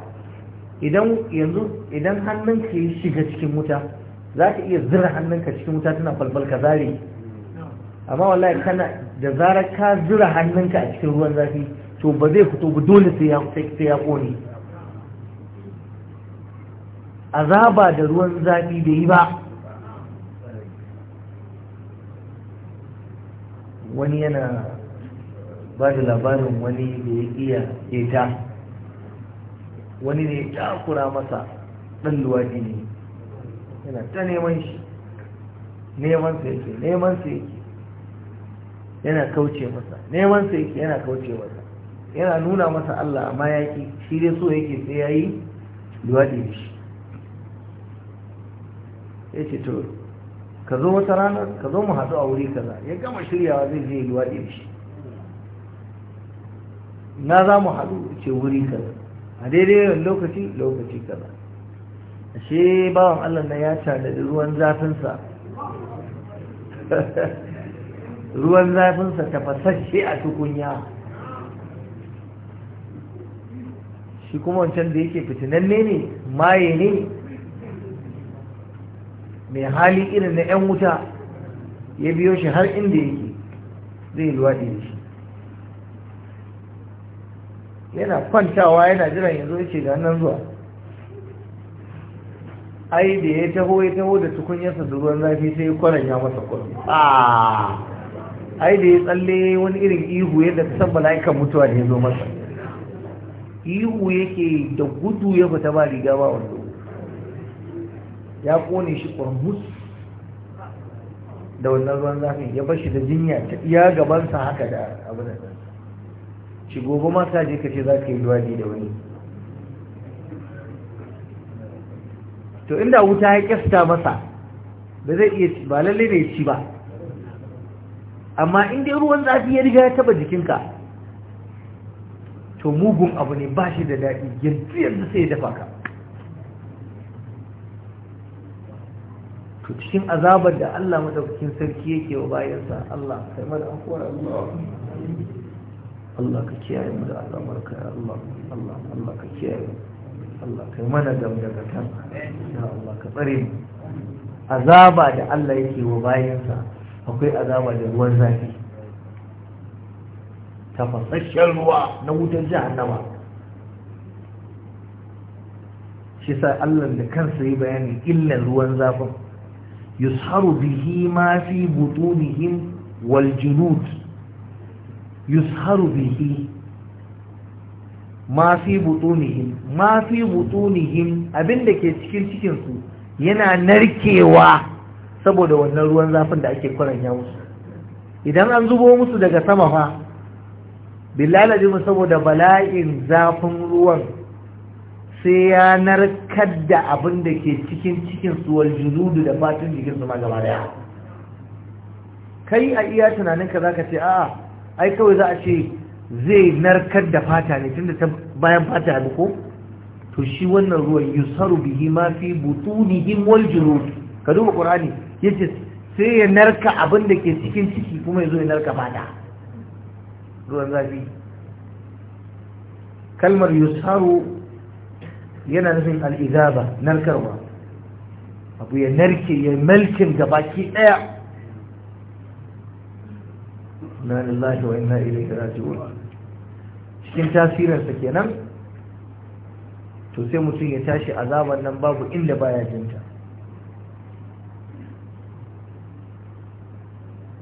idan yanzu idan hannunka ya shiga cikin wuta za ka iya zira hannunka cikin wuta tana falfal ka zare amma wallahi kana da zarar ka zira hannunka a cikin ruwan zafi to ba zai fito ba dole sai ya sai ya kone azaba da ruwan zafi bai yi ba wani yana ba da labarin wani da ya iya keta wani ne ya kura masa ɗan luwaɗi ne yana ta neman shi neman sa yake neman sa yake yana kauce masa neman sa yake yana kauce masa yana nuna masa Allah amma ya ki shi dai so yake sai ya yi luwaɗi da shi ya ce to ka zo wata rana ka zo mu haɗu a wuri kaza ya gama shiryawa zai je luwaɗi da shi na za mu haɗu ce wuri kaza a daidai lokaci lokaci kaza ashe bawan Allah na ya da ruwan zafinsa ruwan zafinsa tafasashe a tukunya shi kuma wancan da yake fitinanne ne maye ne mai hali irin na 'yan wuta ya biyo shi har inda yake zai luwaɗi da shi yana kwantawa yana jiran yanzu ya ce da nan zuwa ai da ya taho ya taho da tukunyarsa da ruwan zafi sai kwanan ya masa kwanu ah. ai da ya tsalle wani irin ihu yadda ta san mala'ikan mutuwa da ya zo masa ihu yake da gudu ya fita ba riga ba wando ya kone shi kurmus da wannan ruwan zafin ya bashi da jinya ta iya gabansa haka da abin da shi gobe mata je ka ce za ka yi luwadi da wani to inda wuta ya kyasta masa ba zai iya ba lalle ne ci ba amma inda ruwan zafi ya riga ya taba jikinka to mugun abu ne ba shi da daɗi yanzu yanzu sai ya dafa ka to cikin azabar da Allah madaukakin sarki yake wa bayansa Allah sai mada afuwar Allah Allah ka kiyaye mu da azabar ka ya Allah Allah Allah ka kiyaye Allah kai mana gamdagatan ya Allah ka tsare mu azaba da Allah yake wa bayansa akwai azaba da ruwan zafi tafasasshen ruwa na wutar jahannama shi sa Allah da kansa yi bayani illan ruwan zafin yusharu bihi ma fi butunihim wal junud yusharu bihi ma fi butunihim ma fi butunihim abinda ke cikin cikinsu yana narkewa saboda wannan ruwan zafin da ake kwaranya musu idan an zubo musu daga sama fa bilalajimu saboda bala'in zafin ruwan sai ya narkar da abin da ke cikin cikin suwal da fatin jikinsu ma gaba daya kai a iya tunaninka za ka ce a'a ai kawai za a ce zai narkar da fata ne tunda ta bayan fata ya ko to shi wannan ruwan saru bihi ma fi butunihim wal julud ka duba ya ce sai ya narka abin da ke cikin ciki kuma ya zo ya narka fata ruwan zafi kalmar yusaru yana nufin al'izaba narkarwa abu ya narke ya melkin gabaki daya na lillahi wa Ina ilaihi raji'un cikin tasirinsa kenan to sai mutum ya tashi azaban nan babu inda baya jinta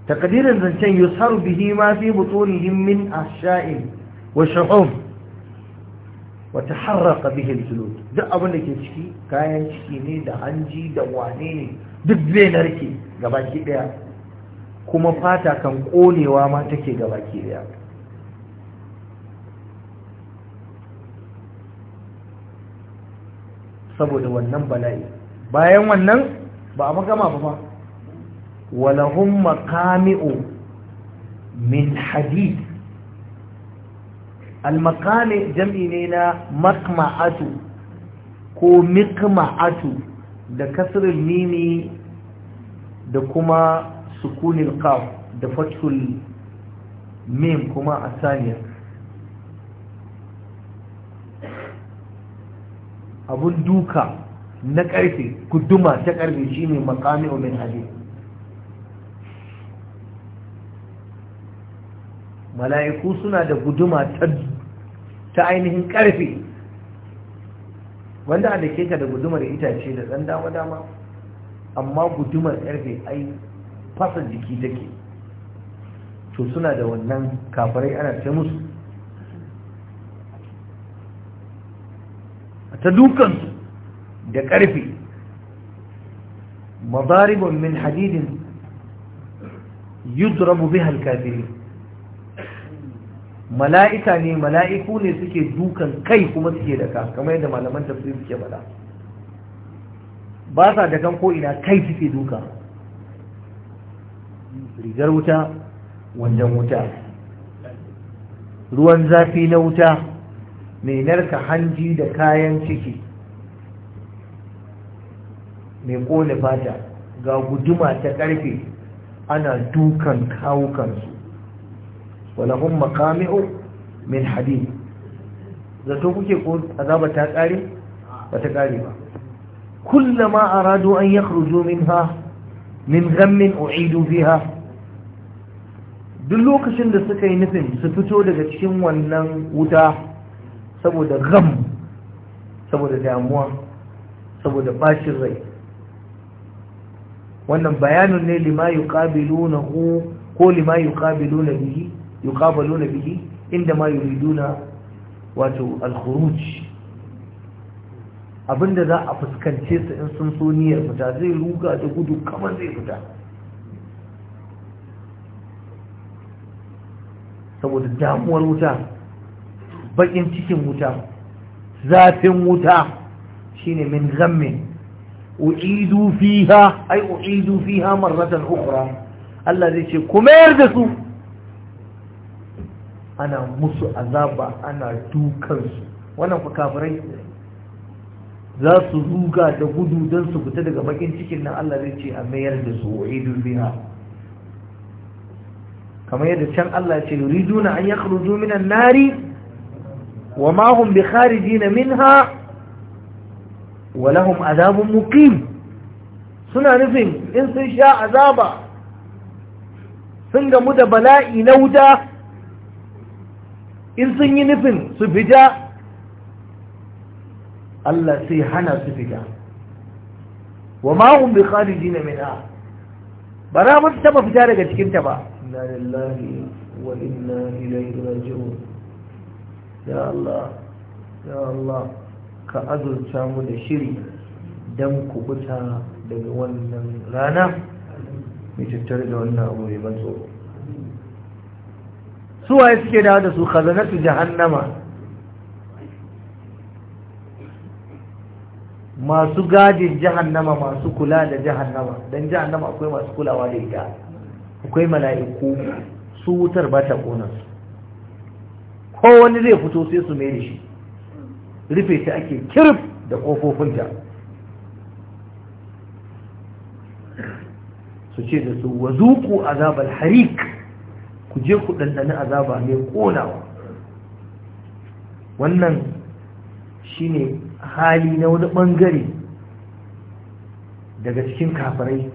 takadirin zancen yusharu bihi ma fi butunihim min asha'in wa shuhum wa taharraqa bihi al-julud duk abin da ke ciki kayan ciki ne da hanji da wane ne duk zai narke gabaki daya kuma fata kan konewa ma take gabaki daya saboda wannan bala'i bayan wannan ba a magama ba ba walahum maqami'u min hadid al-maqami jam'i ne na maqma'atu ko mikma'atu da kasrul mimi da kuma sukunil qaf da fathul mim kuma asaniya abun duka na ƙarfe guduma ta ƙarfe shine maqami min hadid mala'iku suna da guduma ta ainihin ƙarfi wanda a da ke ka da gudumar itace da zan dama-dama amma gudumar ƙarfe ai fasa jiki take to suna da wannan kafarai ana ta musu ta dukansu da ƙarfi madaribun min hadidin yudrabu biha al mala'ika ne mala'iku ne suke dukan kai kuma suke da ka, kamar yadda malaman tafsiri suke faɗa ba sa da ko ina kai suke duka rigar wuta wajen wuta ruwan zafi na wuta mai narka hanji da kayan ciki mai ƙone fata ga guduma ta ƙarfe ana dukan kawukansu walahum maqami'u min hadid zato kuke ko azaba ta kare ba kare ba kullama aradu an yakhruju minha min ghammin u'idu fiha duk lokacin da suka yi nufin su fito daga cikin wannan wuta saboda gham saboda damuwa saboda bashin rai wannan bayanin ne lima yuqabiluna ko lima yuqabiluna bihi na biki, inda ma yuriduna wato al-khuruj abinda za a fuskance su in sun so niyyar fita zai ruga da gudu kamar zai fita saboda damuwar wuta bakin cikin wuta zafin wuta shine min ghammin u'idu fiha ai u'idu fiha marratan ukhra Allah zai ce kuma da su ana musu azaba ana dukansu wannan fa kafirai za su ruga da gudu don su fita daga bakin cikin nan Allah zai ce a mayar da su wa'idun biha kamar yadda can Allah ce yuriduna an yakhruju minan nari wa ma hum bi kharijin minha wa lahum azabun muqim suna nufin in sun sha azaba sun gamu da bala'i na wuta in sun yi nufin su fita Allah sai hana su fita wa ma'un bi khariji na mina ba na mu taba fita daga cikinta ba inna lillahi wa inna ilaihi raji'un ya Allah ya Allah ka azurta mu da shiri dan kubuta daga wannan rana mai tattare da wannan abu mai ban su waye suke dawo da su khazanatu jahannama masu gadin jahannama masu kula da jahannama dan jahannama akwai masu kulawa da ita akwai mala'iku su wutar ba ta kona su ko wani zai fito sai su mai shi rufe ta ake kirf da kofofinta su ce da su wazuku azabal harik ku je ku ɗanɗani azaba mai ƙonawa wannan shi ne hali na wani ɓangare daga cikin kafirai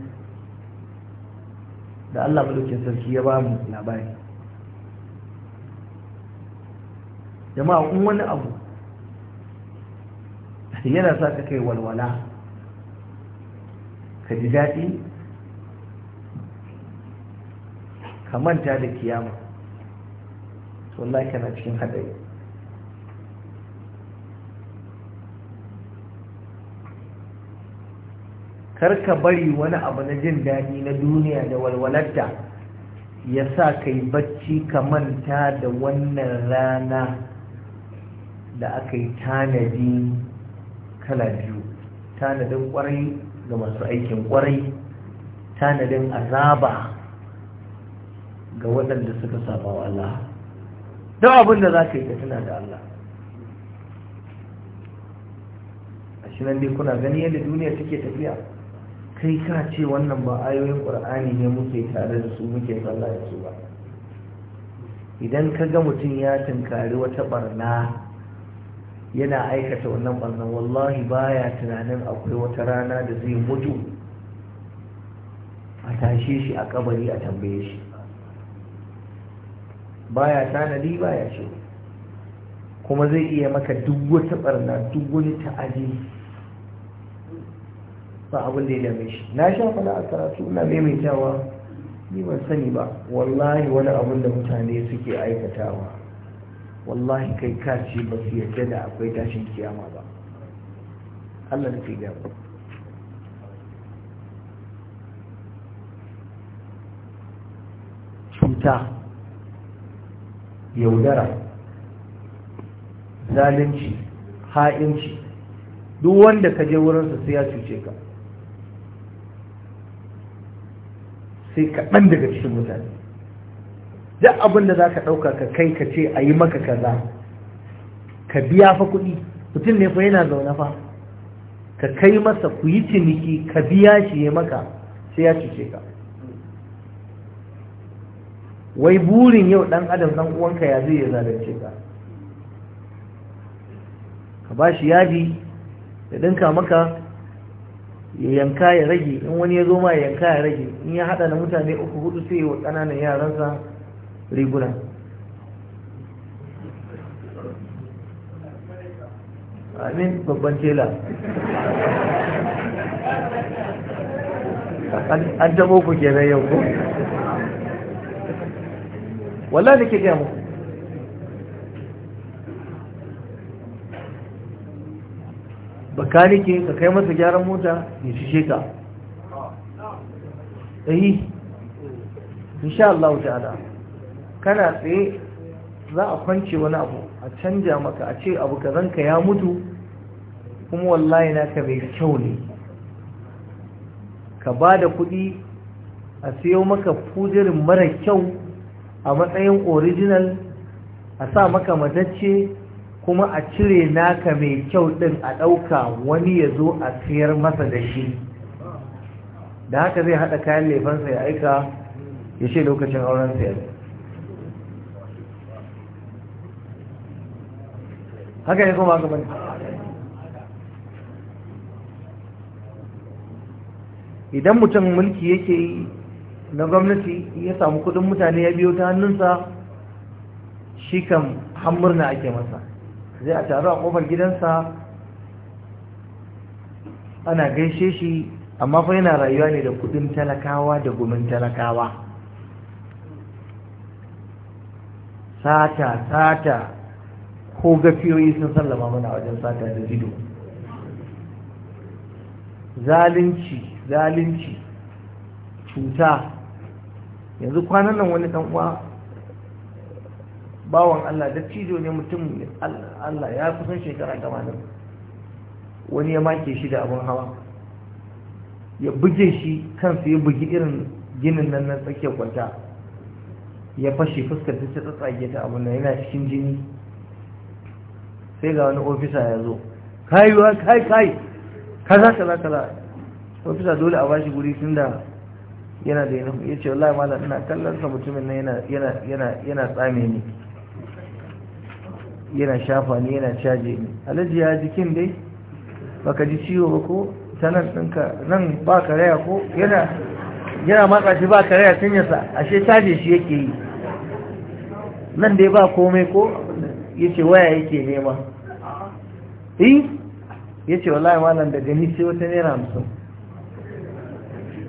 da Allah madaukin sarki ya ba mu labari jama'a in wani abu yana sa ka kai walwala ka ji daɗi ka manta da kiyama Allah kana cikin haɗari kar ka bari wani abu na jin daɗi na duniya da walwalarta ya sa ka yi bacci ka manta da wannan rana da aka yi tanadi kala biyu tanadin kwarai ga masu aikin kwarai tanadin azaba ga waɗanda suka saba wa Allah don abin da za ka yi ka tuna da Allah a shi dai kuna gani yadda duniya take tafiya kai ka ce wannan ba ayoyin ƙur'ani ne muke tare da su muke sallah da su ba idan ka ga mutum ya tunkari wata barna yana aikata wannan barnan wallahi baya tunanin akwai wata rana da zai mutu a tashe shi a kabari a tambaye shi baya tanadi baya ce kuma zai iya maka duk wata barna duk wani ta'adi ba abin da ya dame shi na sha fada a karatu ina maimaitawa ni ban sani ba wallahi wani abin da mutane suke aikatawa wallahi kai kaci ba su yarda da akwai tashin kiyama ba Allah da ke gaba cuta yaudara zalunci ha'inci duk wanda ka je wurinsa sai ya cuce ka sai kaɗan daga cikin mutane duk abin da za ka ɗauka ka kai ka ce a yi maka kaza ka biya fa kuɗi mutum ne fa yana zaune fa ka kai masa ku yi ciniki ka biya shi ya maka sai ya cuce ka wai burin yau dan adam dan uwanka ya zai ya zalunce ka ka ba shi yaji da dinka maka ya yanka ya rage in wani ya zo ma ya yanka ya rage in ya hada na mutane uku hudu sai wa kananan yaransa riguna amin babban tela an tabo ku kenan yau ko wallahi nake gaya muku bakanike ka kai masa gyaran mota ya shishe ka eh insha Allah ta'ala kana tsaye za a kwance wani abu a canja maka a ce abu ka zanka ya mutu kuma wallahi na ka mai kyau ne ka ba da kuɗi a siyo maka fujirin mara kyau a matsayin original a sa maka matacce kuma a cire naka mai kyau ɗin a ɗauka wani ya zo a siyar masa da shi da haka zai haɗa kayan laifansa ya aika ya ce lokacin auren sayar haka ne kuma gaban idan mutum mulki yake yi na gwamnati ya samu kudin mutane ya biyo ta hannunsa shi kan hamurna ake masa zai a taru a kofar gidansa ana gaishe shi amma fa yana rayuwa ne da kudin talakawa da gumin talakawa sata sata ko gafiyoyi sun sallama mana wajen sata da zido zalunci zalunci cuta yanzu kwanan nan wani dan uwa bawan Allah da cijo ne mutum Allah ya kusan shekara tamanin wani ya make shi da abin hawa ya buge shi kansa ya bugi irin ginin nan na tsakiyar kwanta ya fashe fuskar ta ta tsatsage ta abin nan yana cikin jini sai ga wani ofisa ya zo kai kai kai kaza kaza kaza ofisa dole a bashi guri tun da yana da yana ya ce wallahi malam ina kallon sa mutumin na yana yana yana yana tsame ni yana shafa ni yana caje ni alaji ya jikin dai baka ji ciwo ba ko sanar ɗinka nan ba karaya ko yana yana matsa shi ba karaya sun yasa ashe caje shi yake yi nan dai ba komai ko ya ce waya yake nema eh ce wallahi malam da gani sai wata naira hamsin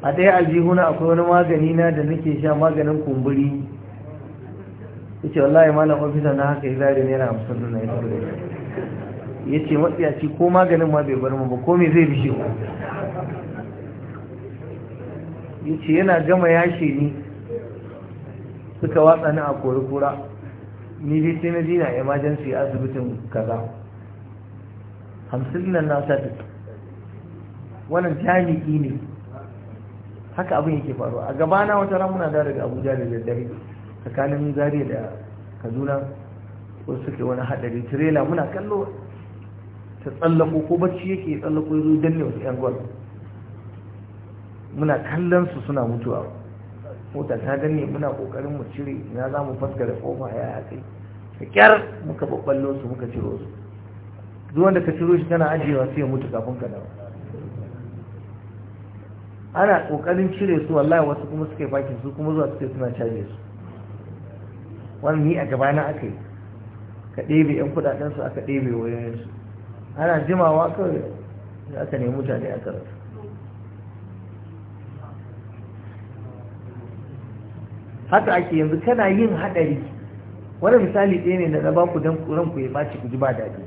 a ɗaya aljihuna akwai wani magani na da nake sha maganin kumburi ya ce wallahi malam ofisa na haka ya zari naira hamsin nuna ya saboda ya ce matsiyaci ko maganin ma bai bar ba ko me zai bishe ba? ya ce yana gama yashe ni suka watsa ni a kori-kura ni dai sai na dina emergency asibitin kaza hamsin nan na sati wannan jami'i ne haka abin yake faruwa a gabana wata ran muna da daga abuja da daddare tsakanin zariya da kaduna wasu suke wani haɗari tirela muna kallo ta tsallako ko bacci yake tsallako ya zo danne wasu yan gwal muna kallon su suna mutuwa mota ta danne muna kokarin mu cire na za mu fasga da kofa ya haƙi ka kyar muka babballo su muka ciro su duk wanda ka ciro shi tana ajiyewa sai ya mutu kafin ka dawo ana kokarin cire su wallahi wasu kuma suka yi fakin su kuma zuwa suke suna caje su wannan ni a gaba na aka yi ka ɗebe yan kudaden su aka ɗebe wayoyin su ana jimawa kawai da aka nemi mutane a karatu haka ake yanzu kana yin hadari wani misali ɗaya ne da na ba ku don ku ya ɓaci ku ji ba daɗi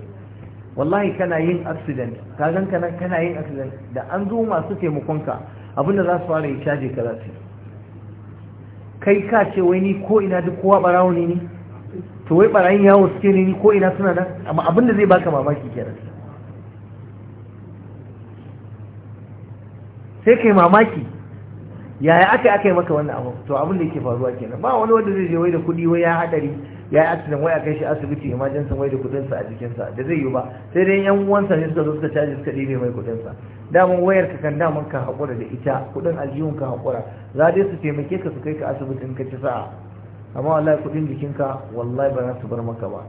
wallahi kana yin accident ka gan kana yin accident da an zo masu taimakonka abinda za su fara yi caje ka za su kai ka ce wai ni ko ina duk kowa barawo ne ni to wai barayin yawon suke ne ni ko ina suna nan amma abinda zai baka mamaki kenan sai kai mamaki yaya aka yi aka yi maka wannan abu to abin da yake faruwa kenan ba wani wanda zai je wai da kuɗi wai ya hadari ya yi accident wai a kai shi asibiti emergency wai da kudin sa a jikin sa da zai yi ba sai dai yan uwansa ne suka zo suka caji suka dibe mai kudin sa daman wayar ka kan daman ka hakura da ita kudin aljihun ka hakura za dai su taimake ka su kai ka asibitin ka ci sa'a amma wallahi kudin jikinka wallahi ba za su bar maka ba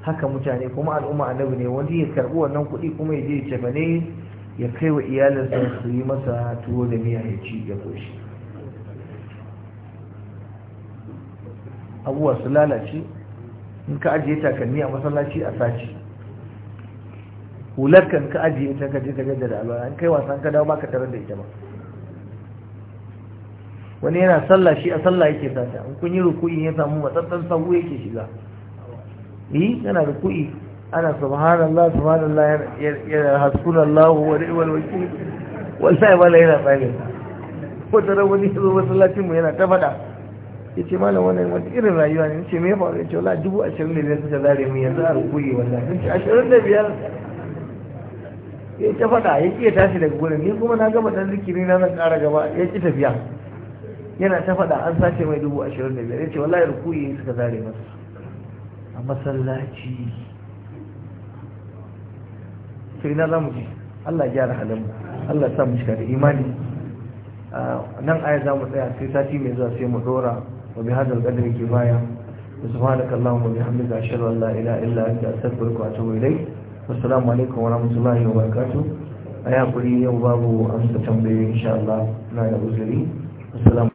haka mutane kuma al'umma annabi ne wani ya karbi wannan kudi kuma ya je ya cefa ne ya kai wa iyalinsa su yi masa tuwo da miya ya ci ya koshi abubuwa su lalace in ka ajiye takalmi a masallaci a sace hular kan ka ajiye ta ka je ka jaddada alwala an kai wasan ka dawo baka tarar da ita ba wani yana sallah shi a sallah yake sata in kun yi ruku'i ya samu matsatsan sabu yake shiga eh yana ruku'i ana subhanallah subhanallah yana hasbunallah wa ni'mal wakeel wallahi wala yana tsaye ko da wani zo masallacin mu yana ta fada ya ce malam wannan wata irin rayuwa ne ce me faru ce wala dubu ashirin da biyar suka zare mu yanzu a rukuyi wannan ya ce ashirin da biyar ya ce faɗa ya ƙi tashi daga gurin ni kuma na gama ɗan zikiri na nan ƙara gaba ya ƙi tafiya yana ta fada an sace mai dubu ashirin da biyar ya ce wallahi rukuyi suka zare masa a masallaci sai na zamu ji Allah ya gyara halin Allah ya sa mu shiga da imani nan aya za mu tsaya sai sati mai zuwa sai mu dora وبهذا القدر كفاية وسبحانك اللهم وبحمدك أشهد أن لا إله إلا أنت أستغفرك وأتوب إليك والسلام عليكم ورحمة الله وبركاته أيها قولي يوم بابو أمس تنبيه إن شاء الله لا يغزري والسلام